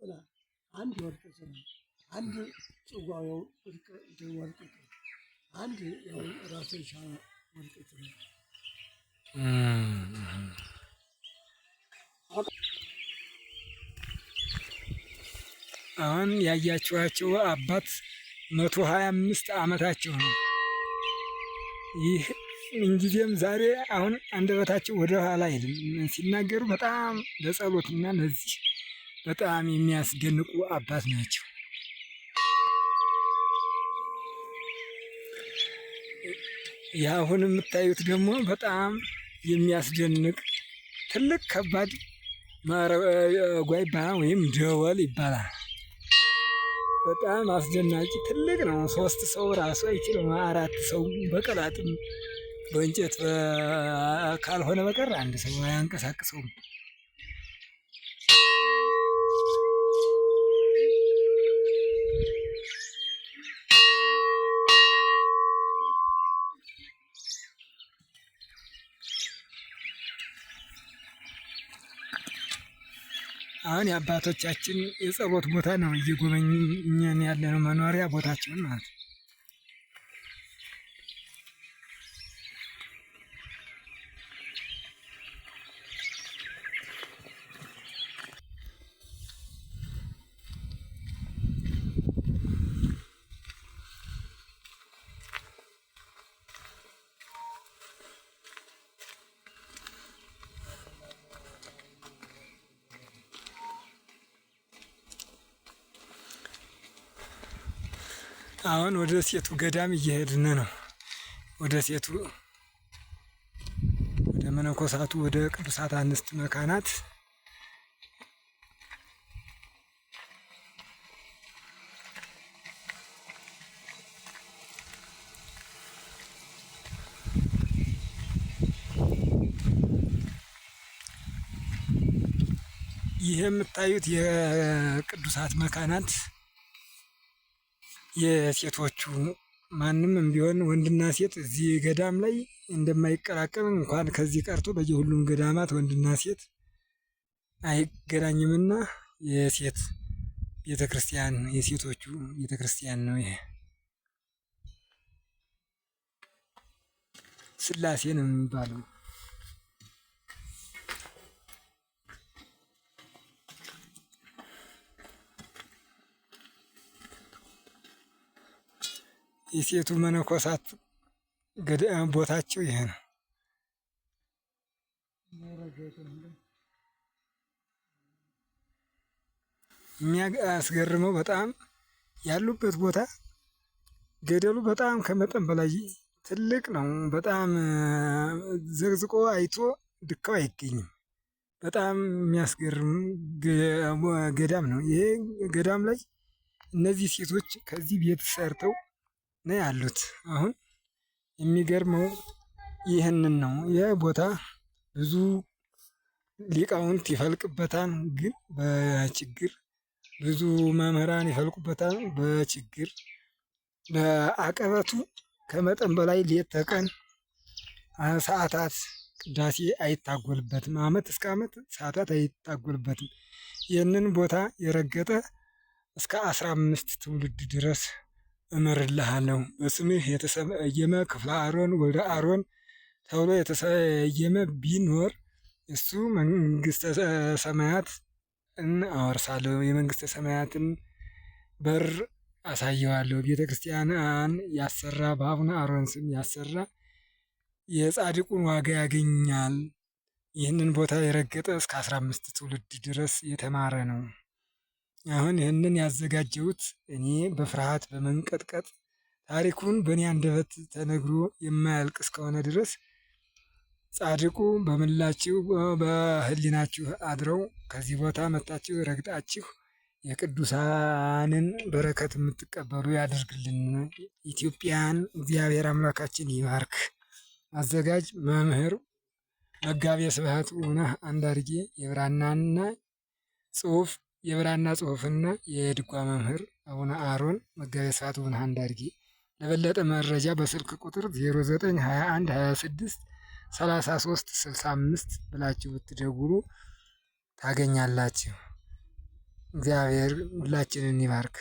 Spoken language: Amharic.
ጽና አንድ ወርቅ ጽና አንድ ጽዋ ወርቅ ጽና አንድ ራስን ሻ ወርቅ ጽና አሁን ያያችኋቸው አባት መቶ ሀያ አምስት ዓመታቸው ነው። ይህ ምንጊዜም ዛሬ አሁን አንደበታቸው ወደ ኋላ አይልም ሲናገሩ በጣም ለጸሎትና እነዚህ በጣም የሚያስደንቁ አባት ናቸው። የአሁን የምታዩት ደግሞ በጣም የሚያስደንቅ ትልቅ ከባድ ጓይባ ወይም ደወል ይባላል። በጣም አስደናቂ ትልቅ ነው። ሶስት ሰው ራሱ አይችልም። አራት ሰው በቀላጥም በእንጨት ካልሆነ በቀር አንድ ሰው አያንቀሳቅሰውም። አሁን የአባቶቻችን የጸሎት ቦታ ነው እየጎበኘን ያለነው መኖሪያ ቦታችን ማለት ነው። አሁን ወደ ሴቱ ገዳም እየሄድን ነው። ወደ ሴቱ ወደ መነኮሳቱ ወደ ቅዱሳት አንስት መካናት ይህ የምታዩት የቅዱሳት መካናት የሴቶቹ ማንም ቢሆን ወንድና ሴት እዚህ ገዳም ላይ እንደማይቀላቀል እንኳን ከዚህ ቀርቶ በየሁሉም ገዳማት ወንድና ሴት አይገናኝምና የሴት ቤተክርስቲያን የሴቶቹ ቤተክርስቲያን ነው። ይሄ ስላሴ ነው የሚባለው። የሴቱ መነኮሳት ቦታቸው ይሄ ነው። የሚያስገርመው በጣም ያሉበት ቦታ ገደሉ በጣም ከመጠን በላይ ትልቅ ነው። በጣም ዘግዝቆ አይቶ ድካው አይገኝም። በጣም የሚያስገርም ገዳም ነው። ይሄ ገዳም ላይ እነዚህ ሴቶች ከዚህ ቤት ሰርተው ነው ያሉት። አሁን የሚገርመው ይህንን ነው። ይህ ቦታ ብዙ ሊቃውንት ይፈልቅበታል፣ ግን በችግር ብዙ መምህራን ይፈልቁበታል፣ በችግር በአቀበቱ ከመጠን በላይ ሌት ተቀን ሰዓታት ቅዳሴ አይታጎልበትም። ዓመት እስከ ዓመት ሰዓታት አይታጎልበትም። ይህንን ቦታ የረገጠ እስከ አስራ አምስት ትውልድ ድረስ እምርልሃለሁ በስምህ የተሰየመ ክፍለ አሮን ወልደ አሮን ተብሎ የተሰየመ ቢኖር እሱ መንግስተ ሰማያት አወርሳለሁ የመንግስተ ሰማያትን በር አሳየዋለሁ። ቤተ ክርስቲያንን ያሰራ በአቡነ አሮን ስም ያሰራ የጻድቁን ዋጋ ያገኛል። ይህንን ቦታ የረገጠ እስከ አስራ አምስት ትውልድ ድረስ የተማረ ነው። አሁን ይህንን ያዘጋጀሁት እኔ በፍርሃት በመንቀጥቀጥ ታሪኩን በእኔ አንደበት ተነግሮ የማያልቅ እስከሆነ ድረስ ጻድቁ በምላችሁ በህሊናችሁ አድረው ከዚህ ቦታ መጣችሁ ረግጣችሁ የቅዱሳንን በረከት የምትቀበሉ ያደርግልን። ኢትዮጵያን እግዚአብሔር አምላካችን ይባርክ። አዘጋጅ መምህር መጋቤ ስብሐት ሆነህ አንዳርጌ የብራናና ጽሑፍ የብራና ጽሑፍና የድጓ መምህር አቡነ አሮን መጋቤ ስብሐት አቡነ አንዳርጌ። ለበለጠ መረጃ በስልክ ቁጥር 0921 26 33 65 ብላችሁ ብትደውሉ ታገኛላችሁ። እግዚአብሔር ሁላችንን ይባርክ።